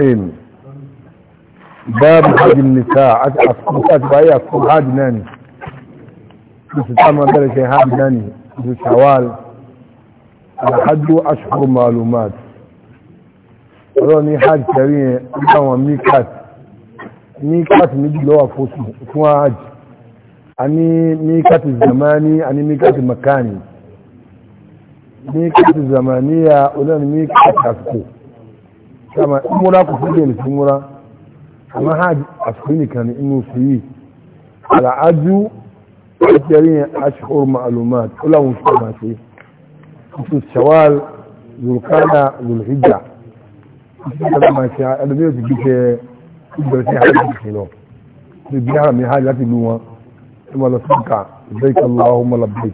الصحيحين باب حج النساء أسقطات بأي أسقط هادي ناني بستعمل ذلك هادي ناني بشوال الحج أشهر معلومات روني حاج كريم أنا ميكات ميكات نجي لو أفوسه فوا حاج أني ميكات الزماني أني ميكات المكاني ميكات الزمانية ولن ميكات أسقط sama in mura ku fuge ne sun mura amma ha a su nìkan ni inú su yìí al'adu ajiyariyar ashkur ma'alumat kulawun su ma ce su shawal zulkana zulhijja su kala ma ce a ɗalibai su gike ibarci hajji ke nan su bi hara mai hajji láti luwa su ma lasunka zai kallahu malabbai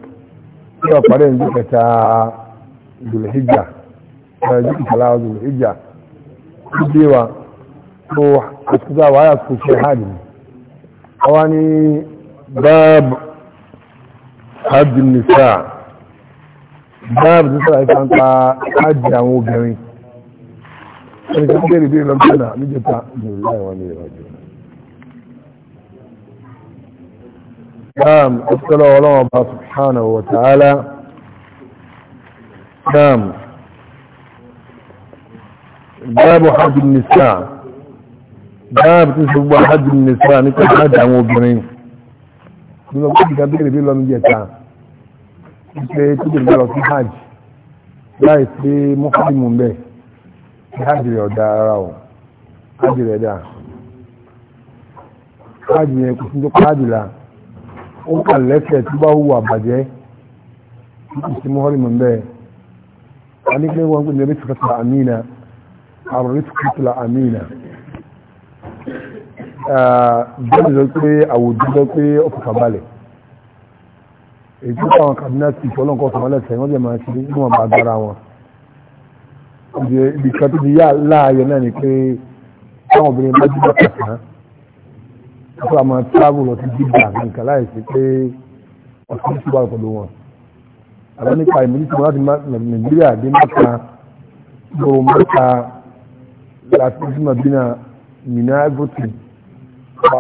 su ba fara yanzu ka ta zulhijja ta yi kallahu zulhijja gbígbéwa tó àtúgbà wáyà tó ṣe hajj ni ọwá ní báàbù hajj nìsá báàbù tó sára ìfà ń pa hajj àwọn obìnrin ẹni tó kéré bí lọ́gbọ́nà níjẹta ìrìn láìwọ́n ní ìrọ̀jù báàbù hajj nìsá báàbù tí sọ́gbọ́ hajj nìsá ní kí hajj àwọn obìnrin nínú ọgbọ́n ìgbà bẹ́ẹ̀rẹ̀ bí lọ́nu jẹta pé tó dé lọ sí hajj láì pé mọ́kànlélùmọ́ bẹ́ẹ̀ kí hajj rẹ̀ ọ̀dà ara o hajj rẹ̀ dà hajj yẹn kò sí tó hajj la ó kà lẹ́sẹ̀ tó bá hùwà bàjẹ́ kí kò sí mọ́kànlélùmọ́ bẹ́ẹ̀ a ní pé wọ́n gbé ní ẹbí tó kẹta àrùrísìkì tìlà àmìnà jẹ́bi sọ pé àwùjọ sọ pé ó fòkà balẹ̀ èyí tó àwọn kàbínẹ́tì ìfọlọ́nkọ́ sọmọ lẹ́sẹ̀ wọ́n jẹ́ máa ṣe ní wọn bá agbára wọn ibi kan tó di yá láàyè náà ni pé táwọn obìnrin bá jí bàtà kan tó a máa tábù lọ sí jíjà nǹkan láìsí pé ọ̀sán ti wà pẹ̀lú wọn àbẹ́ nípa ìmọ̀lẹ́sìn láti nàìjíríà dé mẹ́ta gbòòrò mẹ́ta láti fi madina mina voting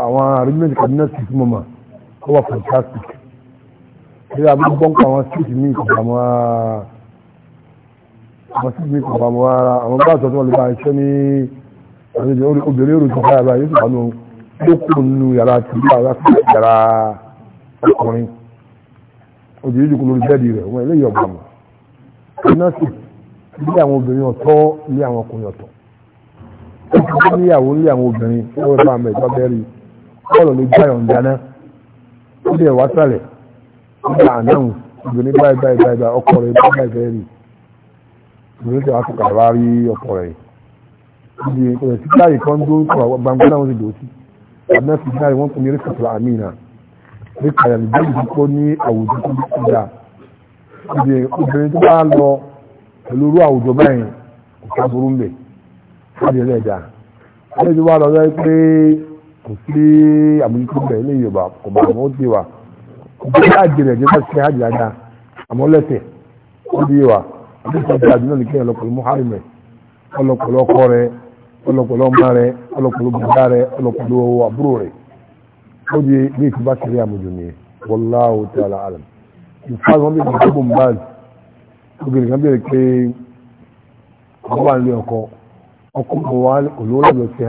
àwọn arúgbó kaduna sì fún mọ́mà ó wà fantastic ṣé abúlé bọ́ǹkà àwọn street mi kò bá mọ́ àwọn street mi kò bá mọ́ ara àwọn bá àtọ́tọ́ lè bá iṣẹ́ ní obìnrin èrò tó fáyà báyìí yóò sọ̀rọ̀ ló kù nínú yàrá tìlú àwọn akẹ́kọ̀ọ́ yàrá ọkùnrin obìnrin jù lórí bẹ́ẹ̀dì rẹ̀ wọ́n eléyìí ọ̀gbà mọ̀ iná sì ilé àwọn obìnrin ọ̀tọ̀ ilé àwọn ọkùnrin ọ̀tọ̀ ó ti kọ́ níyàwó ní àwọn obìnrin lọ́wọ́ bá àmọ́ ìjọba ẹ̀rí bọ́ọ̀lù ló gbá yọ̀ ǹdáná ó dẹ̀ wá sálẹ̀ nígbà àdáhùn obìnrin báyìí báyìí báyìí ọkọ rẹ̀ bá báyìí báyìí rí obìnrin tó wá sọ̀kà wá rí ọkọ rẹ̀ níbi ìpínlẹ̀ sí káyì kan dó kọ̀ gbangba náà wọ́n ti dò sí àmọ́ sí káyì wọ́n tún ní rí sọ̀tọ̀ àmì káàdì ẹlẹ́dà ẹlẹ́dì wà lọ́dọ́ pé kò sí àmójútó bẹ̀ ilé Yorùbá kò bá àwọn òde wa bí káàdì rẹ̀ jẹ́ sẹ́yìn káàdì dáadáa àmọ́ lẹ́sẹ̀ ó di wa àti sọ́jà àdúrà ní kéèyàn lọ́pọ̀lọ́ mọ́hárìmẹ̀ ọlọ́pọ̀lọ́ ọkọ rẹ̀ ọlọ́pọ̀lọ́ ọmọ rẹ̀ ọlọ́pọ̀lọ́ bàbá rẹ̀ ọlọ́pọ̀lọ́ àbúrò rẹ̀ ó di ní ìtura kiri àmójú nìyẹn wallahu ta'ala alam ìfáàgì wọn bí ìgbà tó bọ̀ ń báyìí obìnrin kan bẹ̀rẹ̀ pé àwọn wà nílé ọkọ Ọkụkọ wa olóòrò lọ sí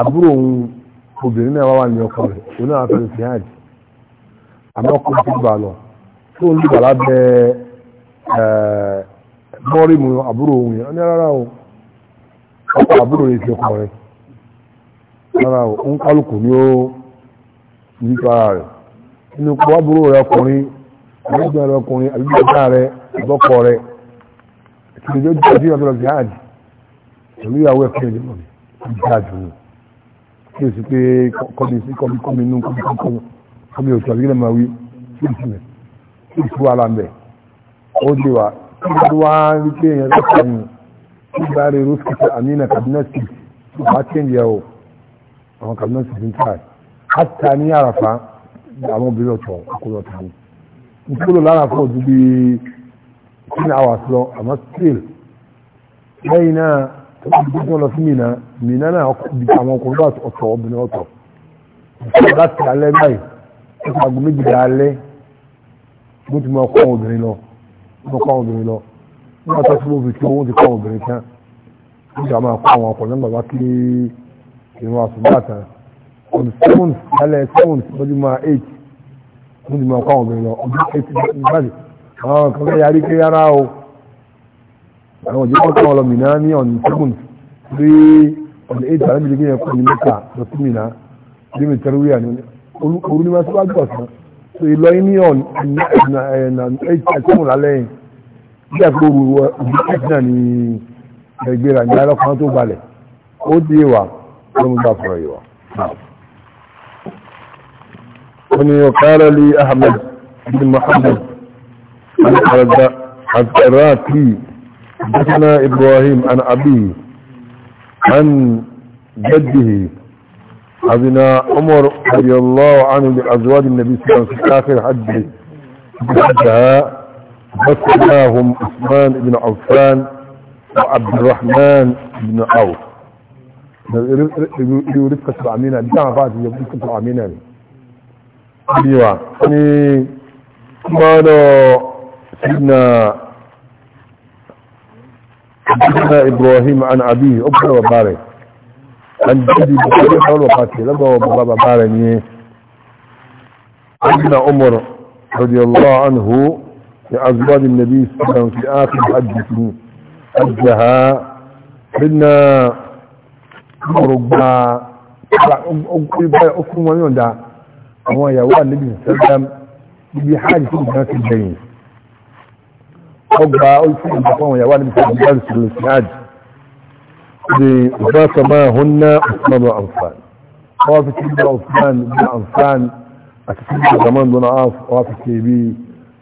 àbúrò òun obìnrin náà wà ní ọkọ rẹ̀ òun náà fẹ́ lọ sí hajj àmọ́ ọkùnrin gbà lọ tó ń lùgbà àbúrò òun ọkọ àbúrò ọkọ rárá o ń kálukú ní ó ní àbúrò ọkùnrin àbúrò ọkùnrin àbúrò ìjọ jẹ́ sí ọ̀dọ̀ jihad pẹ̀lú ìyàwó ẹ̀kọ́ ìjọ mọ̀ jihad ni kí o sì pé kọ́mi sí kọ́mi kọ́mi inú kọ́mi kọ́mi kọ́mi òtún àbí kílẹ̀ máa wí sí ìsinmi sí ìsú ara ń bẹ̀ ó di wa kí ló wá rí pé èèyàn lọ́kàn ní kí bá rí rúfìsì àmínà kàbínẹ́sì tó bá tẹ̀lé ẹ̀ o àwọn kàbínẹ́sì ti ń tà hátà ní àràfà àwọn obìnrin ọ̀tọ̀ ọkùnrin ọ̀tọ̀ ní kúrò lára fún òdúgbò ten hours lọ àmọ́ still lẹ́yìn náà tó bá gbọ́dọ̀ lọ sí mìíràn mìíràn náà àwọn ọkùnrin náà ọ̀tọ̀ obìnrin ọ̀tọ̀ ìṣòro láti alẹ́ báyìí ó ti aago méjì alẹ́ bó ti máa kọ́ obìnrin lọ wọ́n kọ́ obìnrin lọ wọ́n tọ́ sí bóbi tí wọ́n ti kọ́ obìnrin tán wọ́n ti máa kọ́ àwọn ọkùnrin bàbá kí ìrún àsùnbà tán on seventh alẹ́ seventh wọ́n máa eight wọ́n máa kọ́ obìnrin lọ ọdún eight báyìí àwọn kan fẹ́ yarí pé rárá o àwọn òjò kan kọ́ ọlọ́mìnà ní ọ̀nà seven three ọ̀nà eight àrẹ́ mi lè gbìyànjú kọ́ ní mẹ́ta lọ sí mìnà bí mi tẹ́rù wíyà ní orú ní wáṣíwá gbọ̀ sàn so ìlọ yín ní ọ̀nà eh, eight eh, seven lálẹ́ yìí bí àpò òru òbí eight náà ní ẹgbẹ́ rà ní alọ́kùnrin tó balẹ̀ ó di ìwà ló ń gbà fọ̀rọ̀ ìwà. wọ́n ni ọ̀kárẹ́ lé Ahmed bin Muhammad الراكي حدثنا إبراهيم عن أبيه عن جده حدنا عمر رضي الله عنه لأزواج النبي صلى الله عليه وسلم في آخر حجه حجها فسناهم عثمان بن عفان وعبد الرحمن بن عوف يريد سبع مينا بتاع بعد يريد سبع العمينة ايوه يعني ما له سيدنا سيدنا إبراهيم عن أبيه أبنى وبارك عن جدي بكرة حول وقاتل لما وبابا بارك ابن عمر رضي الله عنه لأزواج النبي صلى الله عليه وسلم في آخر حجته حجها بدنا ربا أكرم ويوندا هو يوان النبي صلى الله عليه وسلم بحاجة الناس الجيد ọgbà olùfún ìgbà fún àwọn ìyàwó àti ìfẹ́ ìgbà ìṣẹ̀lẹ̀ sí àjì di ìfẹ́ sọmọ ọ̀hún ná Usman bin Affan wọ́n fi ti bá Usman bin Affan àti ti bá zaman bin Affan wọ́n fi ti bí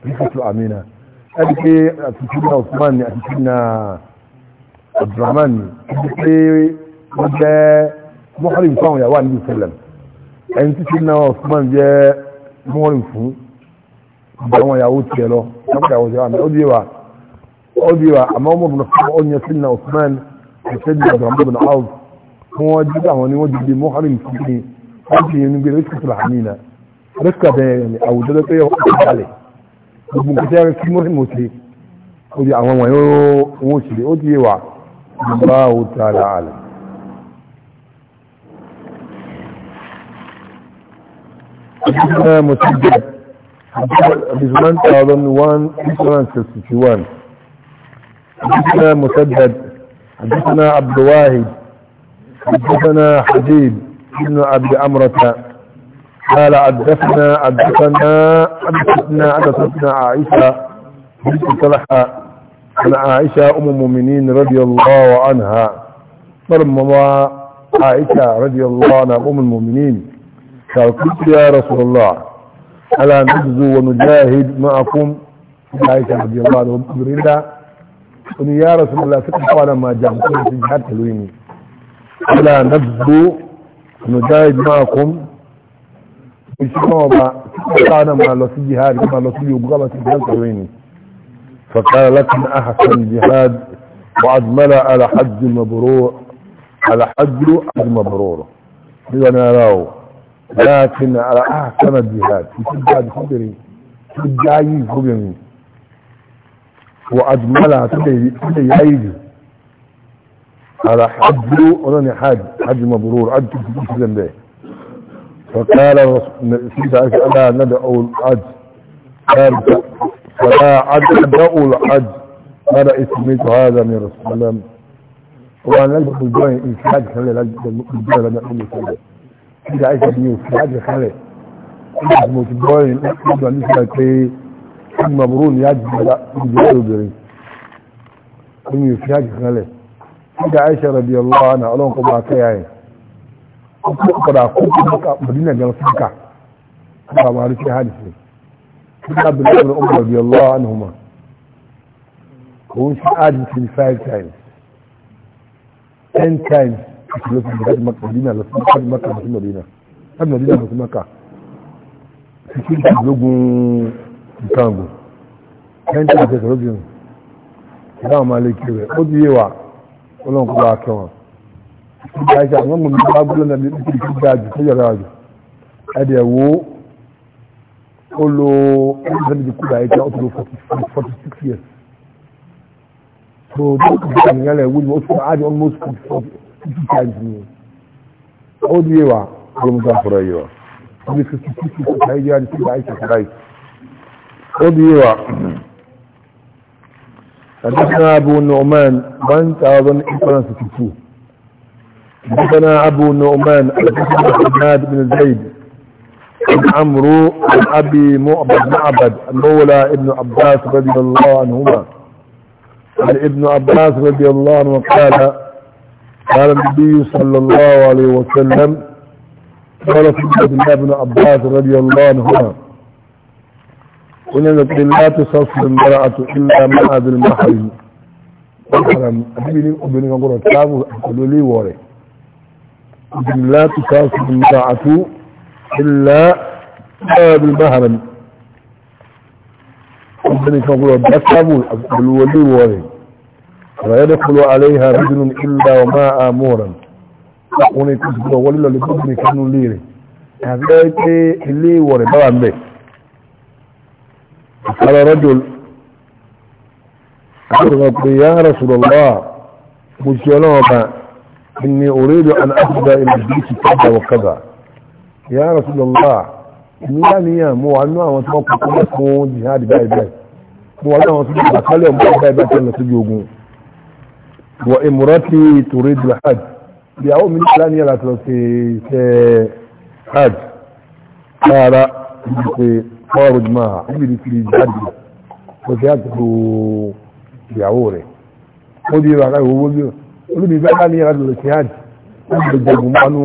rífẹ́tù Amina ẹni pé àti ti bá Usman ni àti ti na Abdulrahman ni ẹni pé wọ́n jẹ́ mọ́kànlá ìfẹ́ àwọn ìyàwó àti ẹni tí ti na Usman jẹ́ mọ́kànlá ìfún ìgbà àwọn ìyàwó tiẹ̀ lọ lọ́kọ̀dà àwọn ìyàwó àmì ó di wa أبيه أما عمر بن الخطاب أني سيدنا عثمان وسيدنا عبد الرحمن بن عوض هو جدا واني وجد لي مو حريم سيدني حريم يعني نقول رسكة الحنينة رسكة يعني أو دلت إيه وقت عليه ومن كتابة كي مرهم وسي ودي عمام ويو وشي ودي يوع الله تعالى عالم حدثنا مسجد حدثنا بزمان تعظم 1961 حدثنا مسدد حدثنا عبد الواحد حدثنا حبيب بن ابي امرة قال حدثنا حدثنا حدثنا حدثنا عائشة بنت طلحة عن عائشة ام المؤمنين رضي الله عنها فرما عائشة رضي الله عنها ام المؤمنين قال قلت يا رسول الله الا نغزو ونجاهد معكم عائشة رضي الله عنها قل يا رسول الله ستحفى لما جاءكم في جهاد تلويني ألا نبدو نجاهد معكم بشكوة ما كان مع لو في جهاد مع لو في يبغى في جهاد تلويني فقال لكم أحسن جهاد ملا على حج مبرور على حج حج مبرور نراه لكن على أحسن الجهاد في الجهاد خبري في الجهاد خبري وأجملها تدي يعيد على حج ولن حاج حج مبرور حج تسلم ده فقال الرسول ألا ندعو الحج قال فلا عد ندعو الحج قال اسميت هذا من رسول الله وانا نجد الجوين إن في حاج خلي الجوين لما أقول لك إذا عايش بنيو في حاج خلي إذا موت الجوين إذا عايش بنيو mọ̀bùrú ni ajìjìlá obìnrin kun yi fi hajji kanlẹ̀ nígbà aisha rabi allah na ọlọ́run kọ bá kẹ́yà yẹn ọkọ̀ ọ̀dà kókò mọ́ka madina gan fúnka ọba ma rí fi hajji sí nígbà bí lọ́wọ́ ọmọ rabi allah na huma òun ṣe hajji sí five times ten times kìí lọ sí hajji maka madina lọ sí hajji maka lọ sí madina hajji madina lọ sí maka sixteen times lógún nǹkan gùn ẹni tí a ti sọ̀rọ̀ bìrùn ìdáhùn máa lè kí rẹ̀ ó ti yé wa ọlọ́run kó wa kẹ́ wọn. ìgbà ìṣe àwọn ọmọ mi bá gbọ́dọ̀ náà ní ibi tó dáa jù tó yọ̀rọ̀ àjù ẹ̀dẹ̀ wo ó lo ẹni ti kú báyìí ó ti lo forty six years. so tó kù sí àwọn ìyálẹ̀ wúni ó ti sọ àdì almost forty four times ni ó ti yé wa ọlọ́run kó wa fọ̀rọ̀ yìí wa. six years ọ̀tá ìjọba ti kú báyìí ṣàkóso خذيوا حدثنا أبو النعمان من تعظن إفران ستفوه حدثنا أبو النعمان حدثنا حماد بن زيد بن عمرو بن أبي مؤبد معبد المولى ابن عباس رضي الله عنهما عن ابن عباس رضي الله عنه قال قال النبي صلى الله عليه وسلم قال في ابن عباس رضي الله عنهما ونبت لا تصف المرأة إلا مع ذي المحرم محرم أبيني أبيني أقول أتابه أقول لي وري لا تصف المرأة إلا مع ذي المحرم أبيني أقول أتابه أقول لي وري لا يدخل عليها رجل إلا وماء مورا أقول لك ولله لبني كانوا ليري هذا إليه وري بقى قال رجل أخبرت يا رسول الله مجلوبا إني أريد أن أخذ إلى البيت كذا وكذا يا رسول الله إني أني مو عنوا وتوقع كمسمو جهاد باي باي مو عنوا وتوقع كلهم باي باي باي كلا تجوغون وإمرتي تريد الحج يا من الآن يلا تلسي حج قال ọrọ̀ jùmọ̀ níbi tí jáde kò sí àtúntò ìyàwó rẹ̀ ó di ìrọ̀ àkáyọ̀ owó mìíràn olùbí bá ní ìrọ̀ àdúrà sí àjì ó di ìjọ̀gùn mánú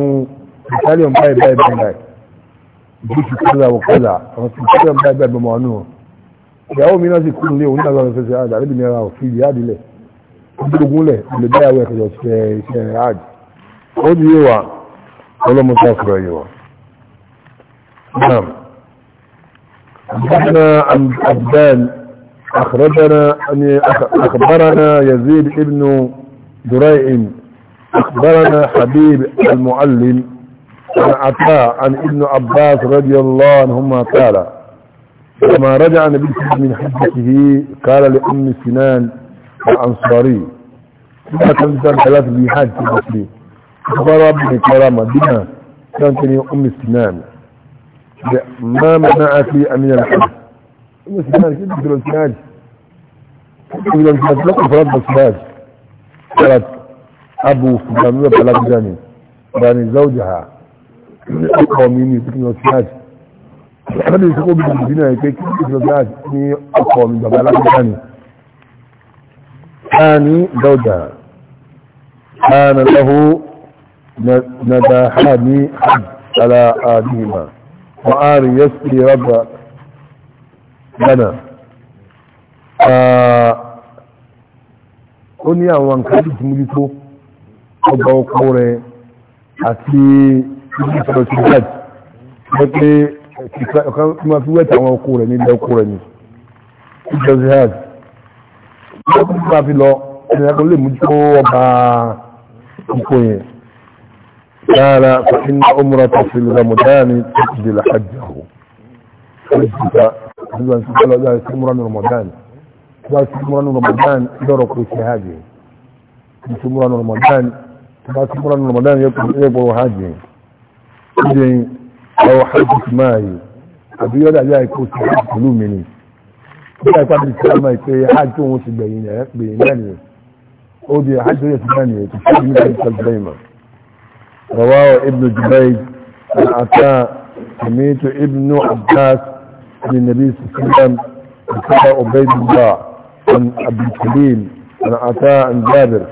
italian báyìí báyìí báyìí báyìí ìdíkì kọ́lá wọ kọ́lá àwọn sí italian báyìí báyìí báyìí mọ́nú ìyàwó mi náà sì kúrò lé onídàgbà rẹ̀ sí àjì àríbi náírà òfin ìyá àdìlẹ̀ ó di ogúnlẹ̀ olè ẹ̀kọ́ iṣẹ́ àjì أخبرنا عن عبدان أخرجنا أخبرنا يزيد ابن دريع أخبرنا حبيب المعلم عن عطاء عن ابن عباس رضي الله عنهما قال لما رجع نبي من حجته قال لأم سنان الأنصاري كما تنزل ثلاث بيحاج في المسلمين أخبر ربي كرامة بنا كانت أم سنان ما منعك أن ينحل المسجد كيف تقول الانتناج تقول الانتناج لكم فرد بسناج قالت أبو سبحانه فلات جاني يعني زوجها أقوى مني تقول الانتناج الحمد لله يقول بالمدينة كيف تقول الانتناج إني أقوى من بابا جاني ثاني زوجها كان له نداحان حد على آدهما وآل يسقي رب لنا ó ní àwọn nǹkan tó ti múlí tó ọgbà ọkọ rẹ àti ibi ìsọ̀rọ̀ ti gbàd wọ́n pé ọ̀kan tó máa fi wẹ́tà àwọn ọkọ rẹ̀ nílẹ̀ ọkọ rẹ̀ ni ìjọ sí hajj wọ́n tó máa fi lọ ẹni akọ lè mú tó ọba ọkọ yẹn قال فإن عمرة في رمضان تجد حجه حجك هذا سبحان الله عمران رمضان بس عمران رمضان درك شهاده بس رمضان بس عمران رمضان يقبل يقبل حجه أو حجك ماهي àbí yọ́dà yá ikú sí ìlú mi ni bí àìpàdé ti ọmọ ìpè hajj tó ń ṣe gbẹ̀yìn ẹ̀ pè ní ẹ̀ nìyẹn ó رواه ابن جبيد عن عطاء سميت ابن عباس عن النبي صلى الله عليه وسلم عطاء عبيد الله عن عبد الكريم عن عطاء عن جابر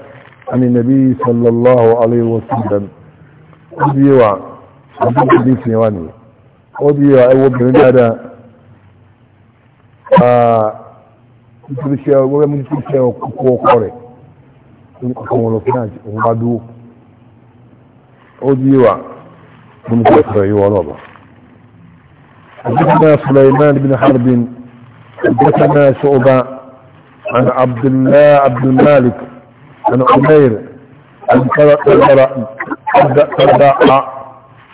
عن النبي صلى الله عليه وسلم أديوا عبد الحديث نيواني أديوا أيوة بن هذا nítorí ṣe ọgbọ́n mú nítorí ṣe ọkọ̀ ọkọ̀ rẹ̀ ní ọkọ̀ wọn lọ fún àjò òun bá dúró أوديوا بمكفر ورضا حدثنا سليمان بن حرب حدثنا شعبة عن عبد الله عبد المالك عن عمير عن قرأ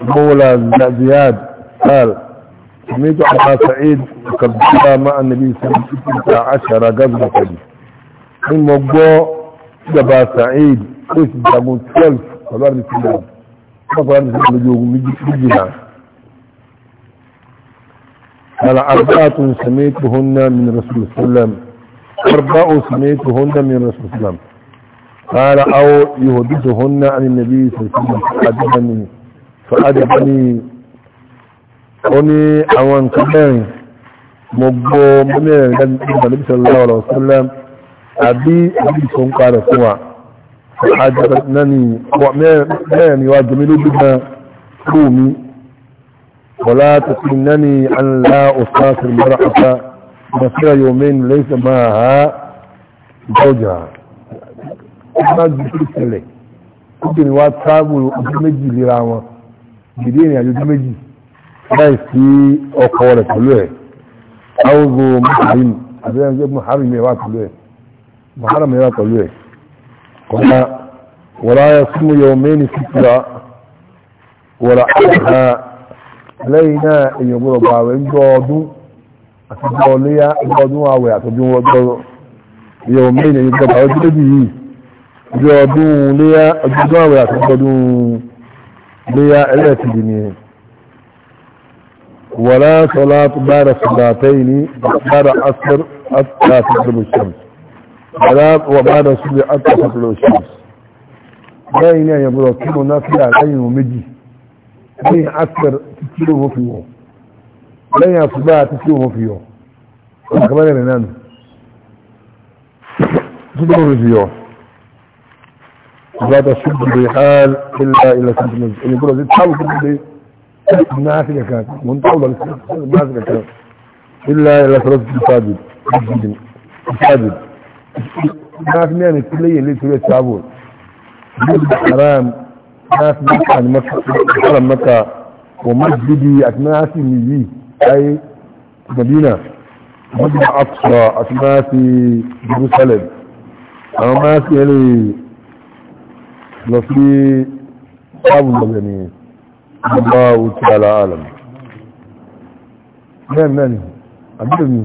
مولى زياد قال سميت أبا سعيد وقد جاء مع النبي صلى الله عليه وسلم عشر قبل من موضوع أبا سعيد قسم بن 12 صلى الله فقال لجوه مجينا قال أربعة سميتهن من رسول الله صلى الله عليه وسلم أربعة سميتهن من رسول الله صلى الله عليه وسلم قال أو يهدثهن عن النبي صلى الله عليه وسلم فأدبني فأدبني أني أوان كمان مبو منين النبي صلى الله عليه وسلم أبي أبي سنقار سمع àjẹ́bẹ̀tìnání mẹ́rin wa jẹmílú gbígbà fúmi wọ́lá tàbínání an láòsáàtì mara àta masíra yomin lẹ́sẹ̀ máa ha jọjà ọmọ jùlọ tẹ̀lẹ̀ obìnrin wa tábùrù ọjọ́ méjì lera wọn gidi ìrìn àjò méjì láì sí ọkọ̀ rẹ̀ pẹ̀lú ẹ̀ áwùzọ mọ́hàrìm àbẹ́rẹ́ mọ́hàrìm ẹ̀wà قال ولا يصوم يومين سترا ولا أدها لينا إن يقول باوين جودو أتدوليا جودو أوي أتدوليا جودو يومين يقول باوين جودو جودو ليا جودو أوي أتدوليا ليا إلاتي دنيا ولا صلاة بعد صلاتين بعد أسر حتى الشمس سلام وبعد رسول أنت تطلع الشمس أن يا ابو الناس ونافع عين ومجي باين أكثر تتلوه في يوم باين أصباع تتلوه في يوم أخبار الإنان تدور في يوم لا تشد بحال إلا إلى سنة نزل اللي يقول لك تحاول تقول لي نافع كانت منطولة كانت إلا إلى ثلاثة مساجد ناس يعني كل اللي تقول تعبون مسجد حرام ناس مكان مكة حرم مكة ومسجدي أتناسي ميزي أي مدينة مسجد أقصى أتناسي جروسلم أنا ماسي لي لو في تعبون يعني الله تعالى أعلم نعم نعم أبدا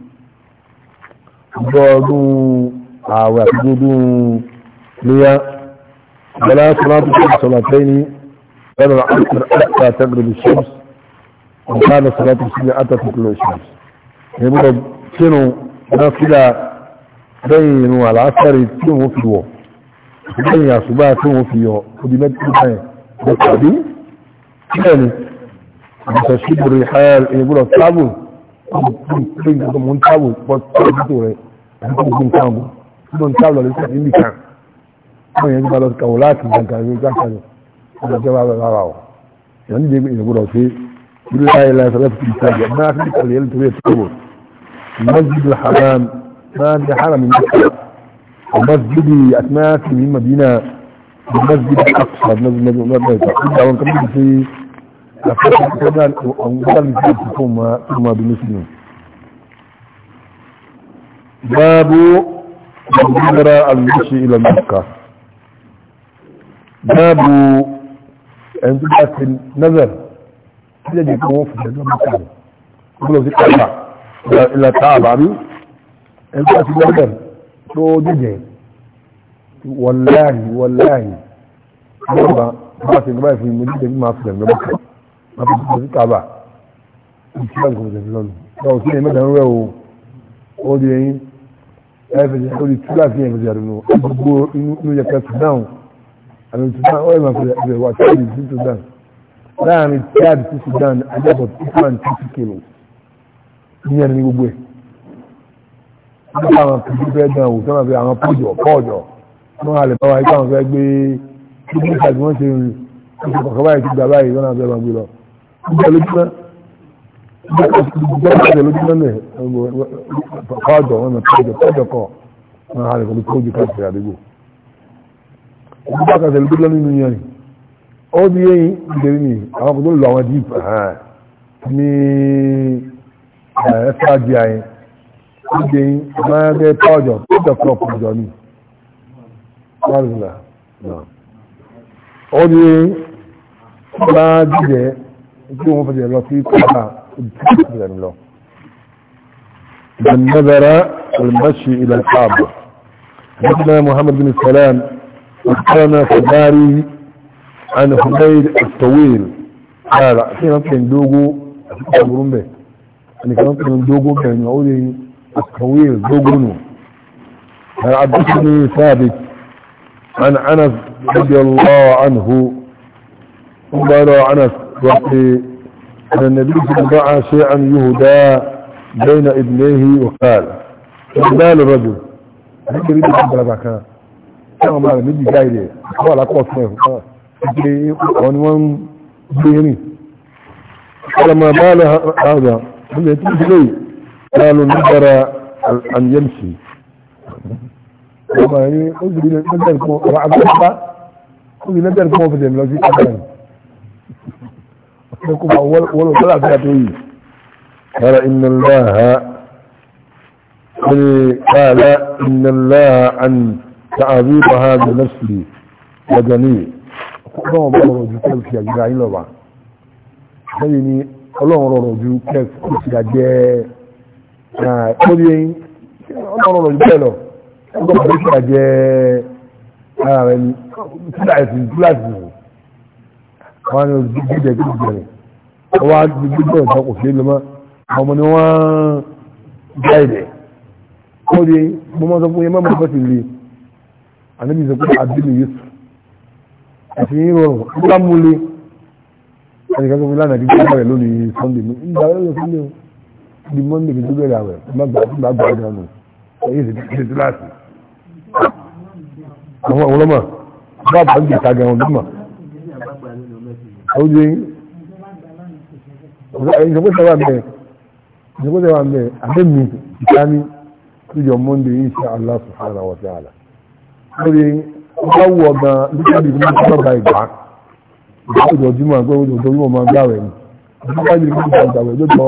ọdún ààwẹ̀ àti ọdún léyà bọ́lá sọ́látù fún ìsọ̀látẹ́ ní ẹ̀rọ àkùrọ̀ àkùrọ̀ àtẹ́gbẹ̀rẹ̀ ṣọ́ọ̀s ọ̀gá sọ́látù sí ní àtàkùrọ̀ ṣọ́ọ̀s ní gbọ́dọ̀ kínú ọ̀dọ́ fílà lẹ́yìn inú àlàáfẹ́rẹ́ tí wọ́n fi wọ̀ lẹ́yìn àṣùgbà tí wọ́n fi yọ odi mẹ́tìlá ẹ̀ lọ́tàbí bẹ́ẹ̀ ni àbùsọ̀ ṣíbùrì hàl ìgbọ́dọ̀ tábùl pé nǹkan mọ̀ ń tábò pọ̀ tọ́jú rẹ̀ àti tó gbé nǹkan bò tó ń tábò lọ́dún sí níbi kan wọ́n yẹn ti bá lọ kàwọ́ láti gbàgbà ní gbàgbà ní ọjọ́ ìjọba bàbá wa o ìyá níbi ìyẹn gbọdọ̀ ṣe ilé ayé láti rẹ̀ fi ìta jẹ náà fi kàlẹ́ yẹn torí ẹ̀tọ́ bò masjid al-haram náà ní haram ní masjid àti náà fi ní madina masjid al-aqsa masjid al-aqsa babu jira al-mushi ila makka babu en ti ba ti nazar ile je ko fu da makka ko lo si kaaba ila kaaba bi en ti ti nazar to dije wallahi wallahi ba ba ti ba fi mu dije ma fu da makka àti ìpínlẹ̀ sí kaba ìṣẹ́gun kò tẹ̀sí lọ́wọ́ sí ẹ̀yìn mẹ́ta ń rẹ̀ o ó di ẹyin ẹ̀fẹ̀sẹ̀ ó di tú láti ẹ̀yìn fẹ̀sẹ̀ àdùnnú gbogbo inú yẹ kẹsì dáhùn àmì Sudan ó yẹ máa fẹ̀sẹ̀ ẹ̀fẹ̀ wà tí ìdí sí Sudan láàrin Chad sí Sudan ajẹ́bọ̀ Isman tí sí kìlò ìyẹn ní gbogbo ẹ̀ nípa àwọn kìlú fẹ́ dán o sọ́nà fẹ́ àwọn pọ́jọ̀ pọ́jọ̀ wọ́n halẹ̀ bá ikú àwọn fẹ́ gbé kíkú ìtàgé wọ́n ṣe ń ṣe kọ̀kọ́ báyìí ti gbà báyìí wọ́n náà fẹ́ máa gbé lọ lójúmọ́ gbọ́dọ̀ lójúmọ́ ní pàjọ wọn pàjọ pàjọ kọ wọn hà lẹ́kọ̀ọ́ lójú káàkiri àdúgbò ọdún bá kàtẹ́ lójúmọ́ nínú yẹn ni àwọn kò tó lọ àwọn jíìpù ní ẹ̀ẹ́fà di ayé ó di yẹn máa ń gbé pàjọ pàjọ kọ pàjọ ni yẹn máa jíjẹ tí wọ́n fẹ́ lọ sí kọ́ta ìdíkàtìlẹ̀ lọ من نذر المشي إلى الكعبة حدثنا محمد بن السلام اخبرنا في داري عن حميد الطويل قال في كيف كان في أمرون به أن كان كان دوغو كان يقول يعني يعني الطويل دوغونو قال حدثني ثابت عن أنس رضي الله عنه قال أنس وفي أن النبي صلى الله عليه وسلم شيئا يهدى بين ابنيه وقال قال الرجل ذكر يدي عبد الله كان ما لم يجي جاي ليه هو لا قوة فيه ذكري عنوان ديني قال ما بال هذا هل يتيجي لي قالوا نذر أن يمشي وما يعني قلت لي نذر كما قلت لي نذر كما في ذلك لكم أول ولا ثلاثة قال إن الله قال إن الله عن تعذيب هذا نفسي وجني ọlọ́run bá rọ̀rọ̀ ju kẹ́ẹ̀kì sí àjẹ́ra yín lọ́wọ́ lẹ́yìn ni ọlọ́run rọ̀rọ̀ ju kẹ́ẹ̀kì sí àjẹ́ orí ẹyin ọlọ́run rọ̀rọ̀ ju kẹ́ẹ̀ lọ ọgbọ́n bá sí àjẹ́ ara rẹ ni kíláàsì kíláàsì wọn ni olùdíje jẹ́ kí n jẹrìí wọ́n á gbogbo ìjọ ìjọ kò sí lọ́mọ́ ọmọ ni wọ́n já ilẹ̀ ó di mo máa sọ fún yẹn mọ́mọ́ fẹ́ ti le ànábi sọ pé àdínú yusuf àti yín rọrùn ó bá mú le ẹni kan tó fi lánàá kíkọ́ bẹ̀rẹ̀ lónìí sunday ní ìgbà lọ́dọ̀ sunday di monday kí tó bẹ̀rẹ̀ àwẹ̀ má gbà má gbà ọjà nù ẹ̀yìn sì ti ti láti àwọn ọlọ́mọ bá bá ń jẹ ìtajà wọn mà ìṣòkòtò wà mẹ́ẹ̀ ìṣòkòtò wà mẹ́ẹ̀ àbẹ́mi ìsáni lójọ monday insha Allah subhanahu wa ta'ala lórí ọgbáwù ọgbà lókàbí ní ọgbà ìgbà ìgbàlódé ọdúnmọ̀ àgbẹ̀ òjò tó yíwọ̀n máa gbà rẹ̀ ní ọgbà ìgbà ìgbà ìgbà ìgbà ìgbà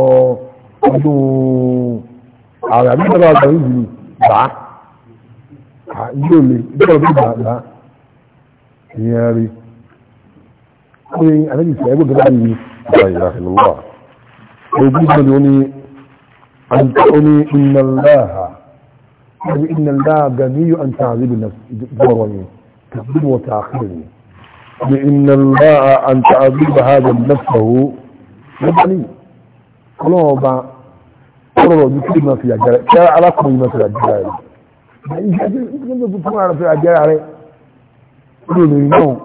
ọdún ààrẹ àbí ìgbà ìgbà ìgbà ìgbà ilé òle ìgbà ìgbà ìgbà ìyẹn rí. ó ní àlejò ìfẹ́ ẹgbẹ́ gẹ́gẹ́ bí ìgbà ìlú wà. وجودني أن تقولي إن الله يعني إن الله جميع أن تعذب نفسي جورني تقديم وتأخيرني يعني ان الله أن تعذب هذا نفسه يبني قلوبا قرروا بكل ما في أجراء كان على كل ما في أجراء يعني بتكون على في أجراء عليه قلوا لي نو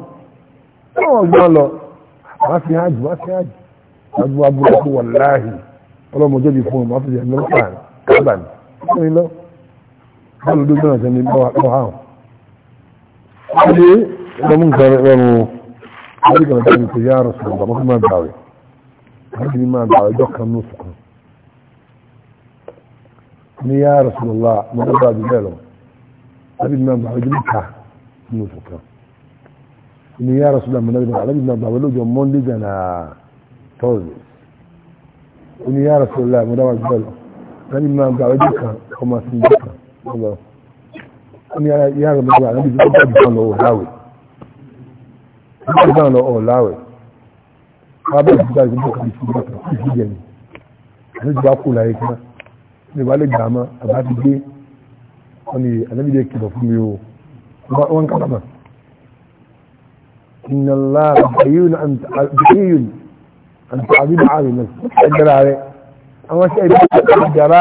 نو قالوا ما في حاجه ما في حاجه abu aburako wàláhì ọlọ́mọdé di fún ọmọ afẹ́jẹ́ mẹ́fà kábàní fún ilọ́ bọ́ọ̀lù dójú náà sẹ́ni lọ́wọ́ hàn ṣe ọmọ nǹkan rẹ̀rù láti kàn tẹ́lẹ̀ kò yá àrùn sọ̀rọ̀ bàbá máa bàwẹ̀ láti ní máa bàwẹ̀ ọjọ́ kan ní oṣù kan ní yá àrùn sọ̀rọ̀ lá mo ní bàbá bẹ́ẹ̀ lọ thursday ó ní yára sọ láì mọ́dáwà gbọ́ lọ lẹ́yìn máa gba ọjọ́ kan ọmọ sí ìjọ kan lọ ó ní yára mọ́dáwà lẹ́yìn tó bá jùlọ lọ ọ̀láwẹ̀ tó bá jùlọ lọ ọ̀láwẹ̀ wọ́n bá jùlọ lọ ọ̀láwẹ̀ kan sí ìjọ kan sí ìjọ ni àti ìjọba kù láyé kan ní ìbálẹ̀ gbàmọ́ àbá ti dé wọ́n ní àlẹ́bìdẹ́ kìlọ̀ fún mi o wọ́n kálámà إن الله حي أنت حي àti àbí ẹgbẹ̀rẹ̀ rẹ̀ àwọn ṣe ìdájọ́ ìjàrá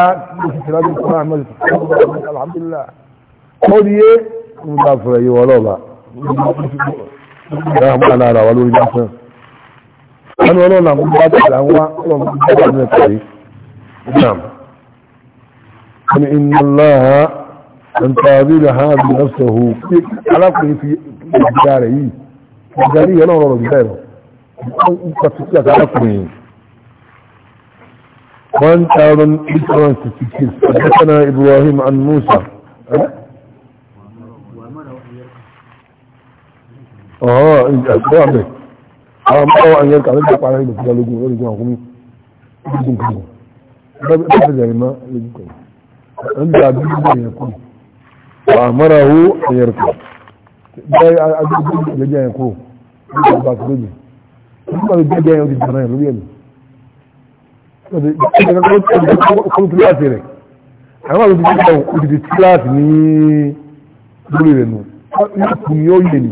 ìṣẹ́lájú fún ahmed alhamdulillah ó ní yé ń bá fẹ̀rẹ̀ yíwọ lọ́ba ìdáhùn alára wa lórí lásán wọn wọn náà ń bá tẹ̀lé àwọn ọlọ́run tó bá ní ẹ̀kọ́ rí islam wọn ni iná láha ń tàbí lè ha bí lọ́sọ̀hù alákùnrin fi ìgbà rẹ̀ yìí ìgbà ní ìyẹn náà rọrùn bẹ́ẹ̀ lọ nǹkan arákùnrin one thousand eight hundred and sixty six حدثنا إبراهيم عن موسى اه ايه عمي اه ما هو ان يركع رجع على رجله كده لجوه رجع غمي بدون كده ده بقى زي ما لجوه عند عبد الله يقول وامره ان يركع ده عبد الله اللي جاي يقول بقى رجله nígbà tó jẹ́ jẹ́ ọdún ìjọba ẹ̀ lórí ẹ̀mí kọ́mú kíláàsì rẹ̀ àwọn àwọn òdìdí kan òdìdí kíláàsì ní lórí rẹ̀ nù yóò kù ní ó yé ni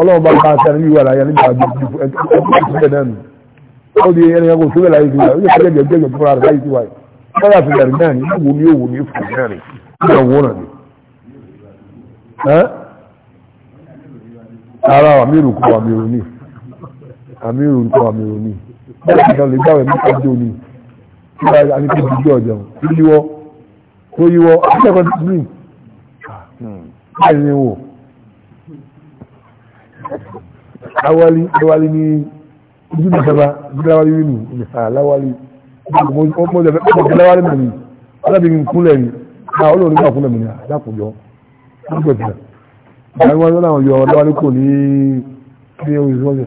ọlọ́run bá bá aṣáájú yìí wà láyé nígbà gbogbo ẹgbẹ́ ìṣúlẹ̀ náà nù ó di ẹni ẹgbẹ́ òṣèlú láyé ti wà ó yẹ kí ẹgbẹ́ ẹgbẹ́ ìjọba rẹ̀ láyé ti ara wa mi rò mi rò ní àmírò nǹkan àmírò ni bẹ́ẹ̀ nìkan lè gbàwẹ̀ mẹ́ta jò ní kí wọ́n á ní kí ojú ọ̀jọ̀ kí yíwọ́ kó yíwọ́ akẹ́kọ̀ọ́ ti mí ah, hmm. báyìí wò awali awali ni ojú mi sábà gíláwálí rí nù aláwálí mo jẹ fẹ́ gíláwálí mọ̀ ni alábìrin kúnlẹ̀ ni a olóòrùn gbà kúnlẹ̀ mọ̀ ni alákùnjọ́ ah, nígbàtí àwọn ọlọ́run yọ ọlọ́wálí kò ní kí ni ó yẹ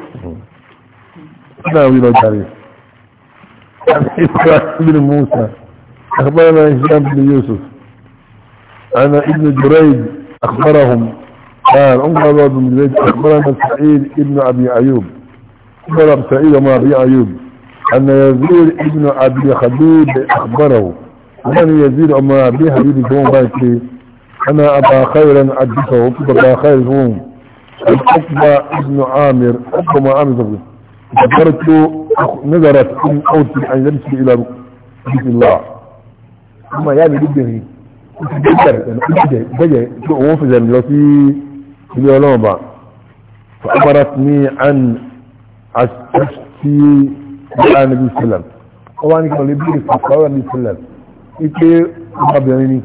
لا عن تعريف بن موسى أخبرنا هشام بن يوسف أنا ابن جريج أخبرهم قال أمر بن جريج أخبرنا سعيد ابن أبي أيوب أخبر سعيد ما أبي أيوب أن يزيد ابن أبي خدود أخبره ومن يزيد أما أبي حبيب كون باكي أنا أبا خيرا أدسه أبا خير هم الحكم ابن عامر حكم عامر نظرت له نظرت أم أوتي أن يمشي إلى بيت الله أما يعني جدني تجدر بجي وفزا التي إلى لوبا فأمرتني أن أستفتي مع النبي صلى الله عليه وسلم وأنا كان لبيري صلى الله عليه وسلم إيه أبيني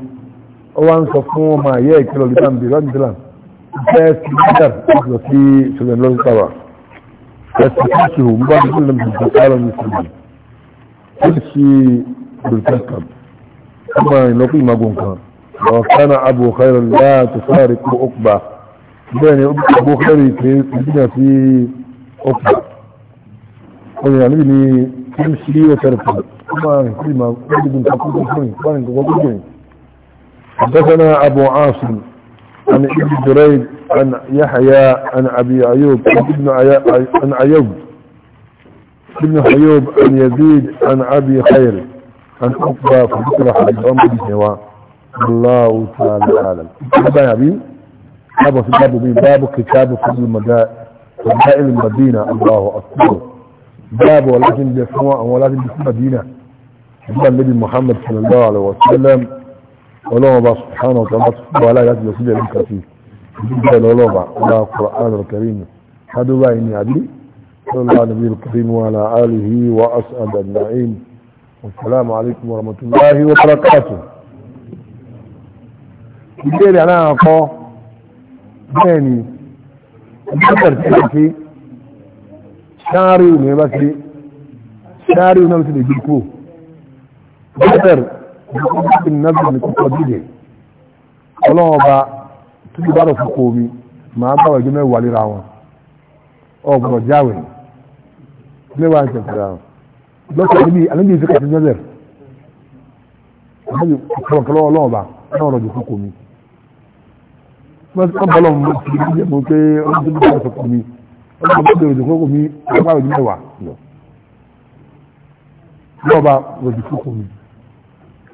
وأنا صفوما يأكل لبيري صلى الله عليه وسلم فأستفتي مع النبي صلى الله عليه وسلم يستحسه مبعد كل من الزقالة المسلمين كل شيء بالكسب أما ينقي ما بونك وكان أبو خير لا تفارق أقبع يعني أبو خير يكون في أقبة يعني بني كل شيء وترفض أما كل ما يقول تقول تقول تقول تقول حدثنا أبو عاصم عن ابن جريد عن يحيى عن ابي ايوب ابن عن ايوب ابن ايوب عن يزيد عن ابي خير عن اقبى فذكر حديث عمر بن هواه الله تعالى اعلم ابا يا ابي ابا في باب بي باب كتاب فضل المدائن مدائن المدينه الله اكبر باب ولكن بسماء ولكن بسماء مدينه النبي محمد صلى الله عليه وسلم ọlọ́wọ́ bá subhanahu wa ta'ala tó wà láyé láti lọ sílẹ̀ ní kàfí ìdíjẹ́ lọ́lọ́ba ọlá Qur'an al-Karim hadúrà ìní àbí sallallahu alaihi wa sallam wa ala alihi wa as'ad al-na'im assalamu alaikum wa rahmatullahi wa barakatuh ìbéèrè náà kọ́ bẹ́ẹ̀ ni ọjọ́ tẹ̀lé ìgbàgbọ́ nàbì ní kọ́kọ́ dìde ọlọ́wọ́ bá títí bá rọ̀ fúnkọ́ omi máa bá wàjú mẹ́wàá léra wọn ọgbọ̀n jáwé mẹ́wàá ń tẹ̀síra wọn lọ́sọ̀ níbi àlejò ìfẹ́kọ̀ sí jọ́sẹ̀ àlejò ìfọ̀kọ́lọ́ ọlọ́wọ́ bá náà rọ̀jò fúnkọ́ omi wọ́n bọ́lọ̀ mú kí ní jẹ́ mú pé ọlọ́dún tó bá fúnkọ́ omi ọlọ́dún tó bá rọ̀jò fúnkọ́ omi ọlọ́wọ́ bá rọ̀jò mẹ́wàá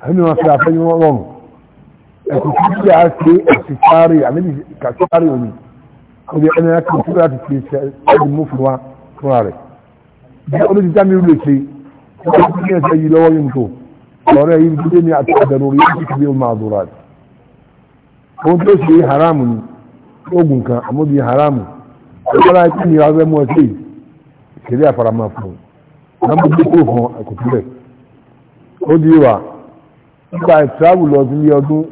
àmì wọn fi àfẹ́yí wọn rọrùn ẹ̀kùn tí kí a ṣe àti sáré àmìlì kàṣáré òní ó di ẹni láti ṣe láti ṣe ṣe ẹni mú fún wa fúnra rẹ̀ bí olójútá mi lè ṣe wọ́n ti ní ẹ̀ṣẹ̀ yìí lọ́wọ́ yìí tó lọ́rẹ́ yìí tó dé ní àti àbẹ̀rù orí yìí ti fi máa dùrà rẹ̀ ohun tó ṣe haramu ni oògùn kan àmọ́ bíi haramu ọlọ́lá tí ni ọgbẹ́ mú ọtí ìṣẹ̀lẹ̀ àfaramá fún un náà mo gbé kúrò fún ẹ̀kùn sílẹ̀ ó di wa nípa ìtìráwù lọ sí ilé ọdún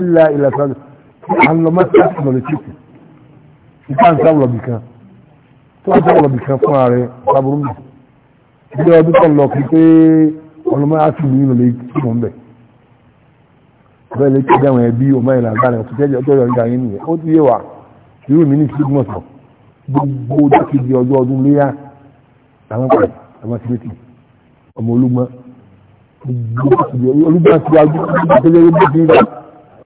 ilé ilẹ̀ sọ́dọ̀ àwọn ọmọ sáàtì lọ lè tètè nípa ìtìráwù lọ bìkan tó wà sáàwù lọ bìkan fún ààrẹ sábúrú mi ilé ọdún tó lọ kí pé ọlọmọ àti ìlú ìlú lè tì wọn bẹ bẹ́ẹ̀ lè tẹjá wọn ẹbí ọmọ ìlà àgbàrẹ ọtún tẹjá ọjọ́ ìrọ̀lẹ́ ìgbà nìyẹn ó ti yé wa irú mi ní ìṣẹ́gun ọ̀sán gbogbo dákìdí ọjọ́ ọdún léyà làwọn pàdé ọmọ olùgbàsíwájú olùgbàsíwájú